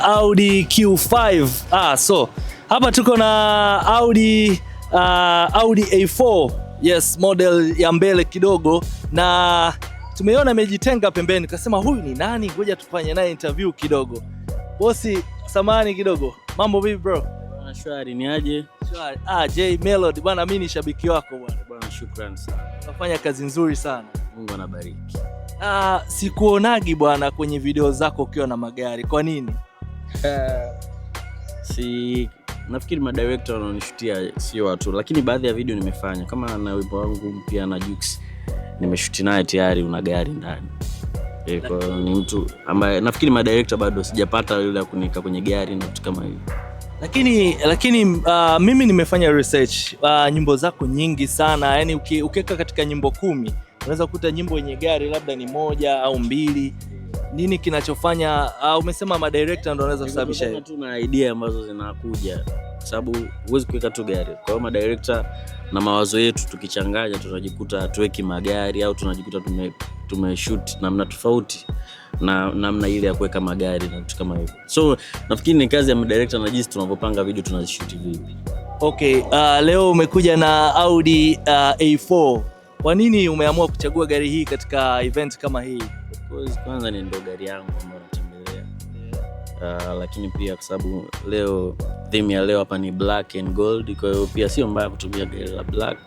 Audi Q5. Ah, so hapa tuko na Audi uh, Audi A4. Yes, model ya mbele kidogo na tumeona imejitenga pembeni, tukasema huyu ni nani? Ngoja tufanye naye interview kidogo. Bosi, samani kidogo. Mambo vipi bro? Bwana shwari, ni aje? Shwari. Ah, J Melody bwana, mimi ni shabiki wako bwana. Bwana shukrani sana. Unafanya kazi nzuri sana. Mungu anabariki. Ah, sikuonagi bwana kwenye video zako ukiwa na magari. Kwa nini? Eh, si nafikiri madirekta wanaonishutia sio watu, lakini baadhi ya video nimefanya kama na wimbo wangu mpya na Jux nimeshuti naye tayari una gari ndani e, ni mtu ambaye nafikiri madirekto bado sijapata yule ya kunika kwenye gari na vitu kama hivyo lakini lakini uh, mimi nimefanya research uh, nyimbo zako nyingi sana yani ukiweka katika nyimbo kumi unaweza kukuta nyimbo yenye gari labda ni moja au mbili nini kinachofanya uh, umesema madirekta ndo anaweza kusababisha hiyo? Tuna idea ambazo zinakuja kwa sababu huwezi kuweka tu gari. Kwa hiyo madirekta na mawazo yetu tukichanganya, tunajikuta tuweki magari au tunajikuta tume tumeshut namna tofauti na namna ile ya kuweka magari na vitu kama hivyo. So nafikiri ni kazi ya madirekta na jinsi tunavyopanga video tunazishuti vipi. Okay, uh, leo umekuja na Audi uh, ah, A4 kwa nini umeamua kuchagua gari hii katika event kama hii? Of kwanza ni ndo gari yangu ambayo natembelea Uh, lakini pia kwa sababu leo theme ya leo hapa ni black and gold, kwa hiyo pia sio mbaya kutumia gari la black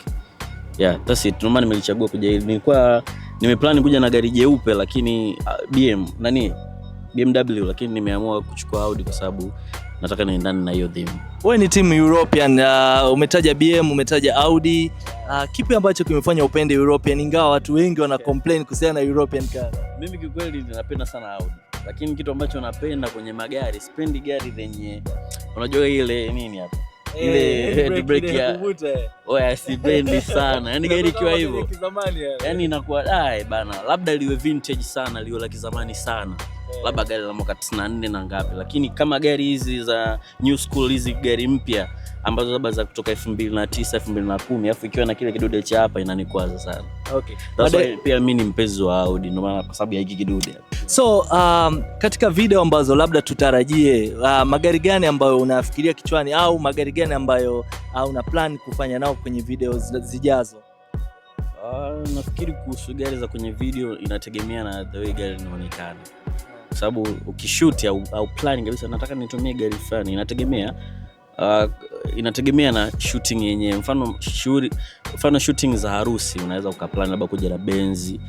yeah, that's it. Ndio maana nimelichagua kuja hili. Nilikuwa nimeplani kuja na gari jeupe lakini uh, BM nani BMW, lakini nimeamua kuchukua Audi kwa sababu nataka niendane na hiyo theme. Wewe ni timu European, uh, umetaja BM, umetaja Audi. Uh, kipi ambacho kimefanya upende European ingawa watu wengi wana complain kuhusiana na European car? Mimi kikweli ninapenda sana Audi. Lakini kitu ambacho napenda kwenye magari, sipendi gari zenye unajua ile nini hapa? Eh, ile head brake ya oya, sipendi sana. Yaani gari kiwa hivyo. Yaani inakuwa ai bana, labda liwe vintage sana, liwe la kizamani sana labda gari la mwaka 94 na ngapi, lakini kama gari hizi za new school hizi gari mpya ambazo labda za kutoka 2009 2010, alafu ikiwa na kile kidude cha hapa inanikwaza sana. Okay. That's pia mimi ni mpenzi wa Audi ndio maana kwa sababu ya hiki kidude. So um, katika video ambazo labda tutarajie uh, magari gani ambayo unafikiria kichwani au magari gani ambayo uh, una plan kufanya nao kwenye video zijazo? Uh, nafikiri kuhusu gari za kwenye video inategemea na the way gari inaonekana kwa sababu ukishuti au, au planning kabisa, nataka nitumie gari fulani, inategemea Uh, inategemea na shooting yenyewe. Mfano shuri, mfano shooting za harusi unaweza ukaplan labda kuja na benzi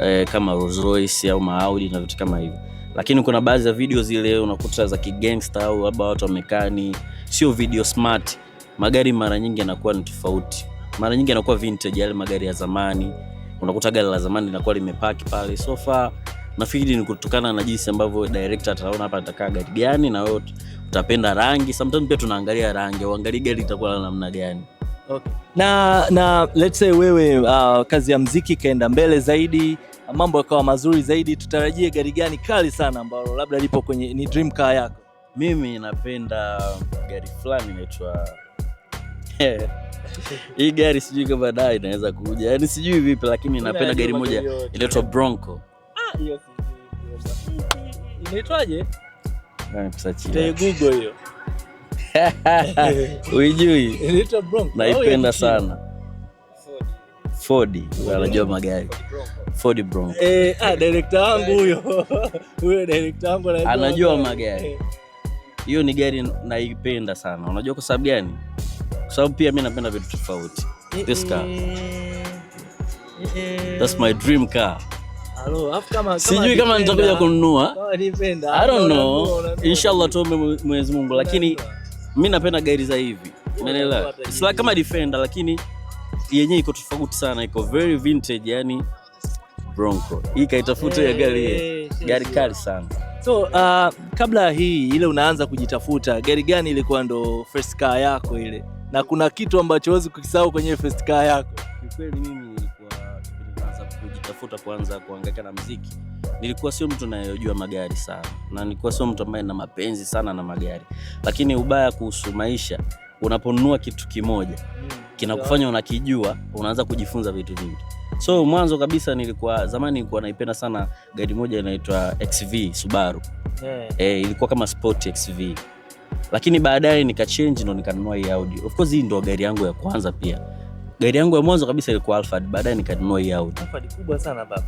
eh, kama Rolls Royce au maaudi na vitu kama hivyo, lakini kuna baadhi ya video zile unakuta za kigangster au labda watu wamekani, sio video smart. Magari mara nyingi yanakuwa ni tofauti, mara nyingi yanakuwa vintage, yale magari ya zamani. Unakuta gari la zamani linakuwa limepaki pale sofa nafikiri ni kutokana na jinsi ambavyo director ataona hapa atakaa gari gani, na wewe utapenda rangi. Sometimes pia tunaangalia rangi, uangalie gari litakuwa na namna gani. Okay. Na, na let's say wewe uh, kazi ya mziki ikaenda mbele zaidi, mambo yakawa mazuri zaidi, tutarajie gari gani kali sana ambalo labda lipo kwenye ni dream car yako? Mimi napenda gari fulani inaitwa hii gari sijui kama dai inaweza kuja, yani sijui vipi, lakini napenda gari moja inaitwa Bronco hiyo inaitwaje? Yaani Google hiyo uijui? Naipenda oh, yaani sana anajua magari Bronco. Eh, ah, director wangu huyo huyo director wangu anajua magari eh. hiyo ni gari naipenda sana. Unajua kwa sababu gani? Kwa sababu pia mi napenda vitu tofauti. Eh, This car. Eh, That's my dream car sijui kama nitakuja kununua, I don't know, inshallah tuombe Mwenyezi Mungu, lakini mi napenda gari za hivi, unaelewa, sila kama Defender, lakini yenyewe iko tofauti sana, iko very vintage, yani Bronco hii kaitafuta ya gari eh, gari kali sana. So uh, kabla ya hii ile unaanza kujitafuta gari gani ilikuwa ndo first car yako ile, na kuna kitu ambacho huwezi kukisahau kwenye first car yako? Kweli mimi kujitafuta kwanza kuangaika na mziki, nilikuwa sio mtu nayejua magari sana, na nilikuwa sio mtu ambaye na mapenzi sana na magari, lakini ubaya kuhusu maisha, unaponunua kitu kimoja kinakufanya unakijua, unaanza kujifunza vitu vingi. So mwanzo kabisa nilikuwa zamani nilikuwa naipenda sana gari moja inaitwa XV Subaru. Yeah. Eh, ilikuwa kama Sport XV. Lakini baadaye nikachange ndo nikanunua hii Audi. Of course hii ndo gari yangu ya kwanza pia. Gari yangu ya mwanzo kabisa ilikuwa Alphard, baadaye nikanunua hii Audi. Alphard kubwa sana baba.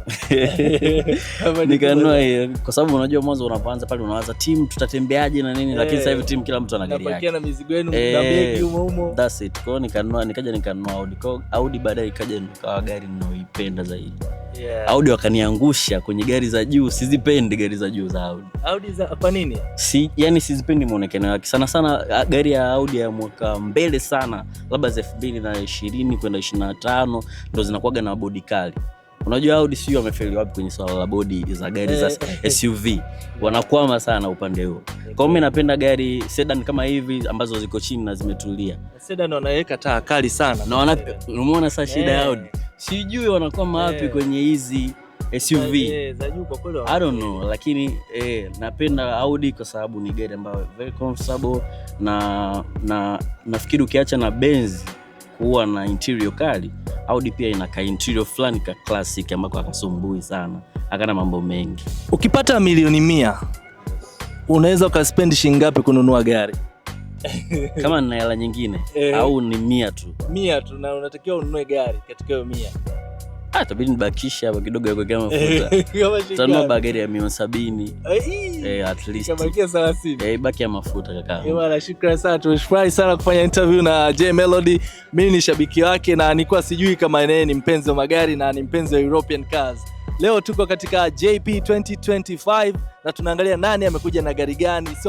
Nikanunua hii kwa sababu unajua mwanzo unapoanza pale unawaza timu tutatembeaje na nini, lakini eh, sasa hivi timu kila mtu ana gari yake. Napakia na mizigo yenu eh, na begi humo humo. That's it. Kwa hiyo nikanunua nikaja nikanunua Audi. Kwa Audi baadaye ikaja nikawa gari ninayoipenda zaidi yeah. Audi wakaniangusha kwenye gari za juu, sizipendi gari za juu za Audi. Audi za kwa nini? Si, yani sizipendi muonekano wake sana sana. Gari ya Audi ya mwaka mbele sana, labda za elfu mbili na ishirini kwenda ishirini na tano ndo zinakuwaga na bodi kali. Unajua Audi sio wamefeli wapi kwenye swala la bodi za gari za eh, eh, eh. SUV, wanakwama sana upande huo. Kwa hiyo mimi napenda gari sedan kama hivi ambazo ziko chini na zimetulia. Sedan wanaweka taa kali sana na umeona sasa shida ya Audi sijui wanakuwa mawapi yeah. kwenye hizi SUV yeah, eh, I don't know lakini eh, napenda Audi kwa sababu ni gari ambayo very comfortable na na nafikiri ukiacha na Benz kuwa na interior kali, Audi pia ina ka interior fulani ka classic ambako akasumbui sana, akana mambo mengi. Ukipata milioni mia unaweza ukaspendi shilingi ngapi kununua gari? kama nina hela nyingine eh. au ni mia tu, mia tu, na unatakiwa ununue gari katika hiyo mia ah, tabidi nibakishe hapa kidogo yakuekea kuwekea mafuta. Tanunua gari ya mia sabini eh, eh, baki ya mafuta kaka. sana, tumefurahi sana kufanya interview na j Melody. Mimi ni shabiki wake na nikuwa sijui kama yeye ni mpenzi wa magari na ni mpenzi wa European cars. Leo tuko katika JP 2025 na tunaangalia nani amekuja na gari gani, so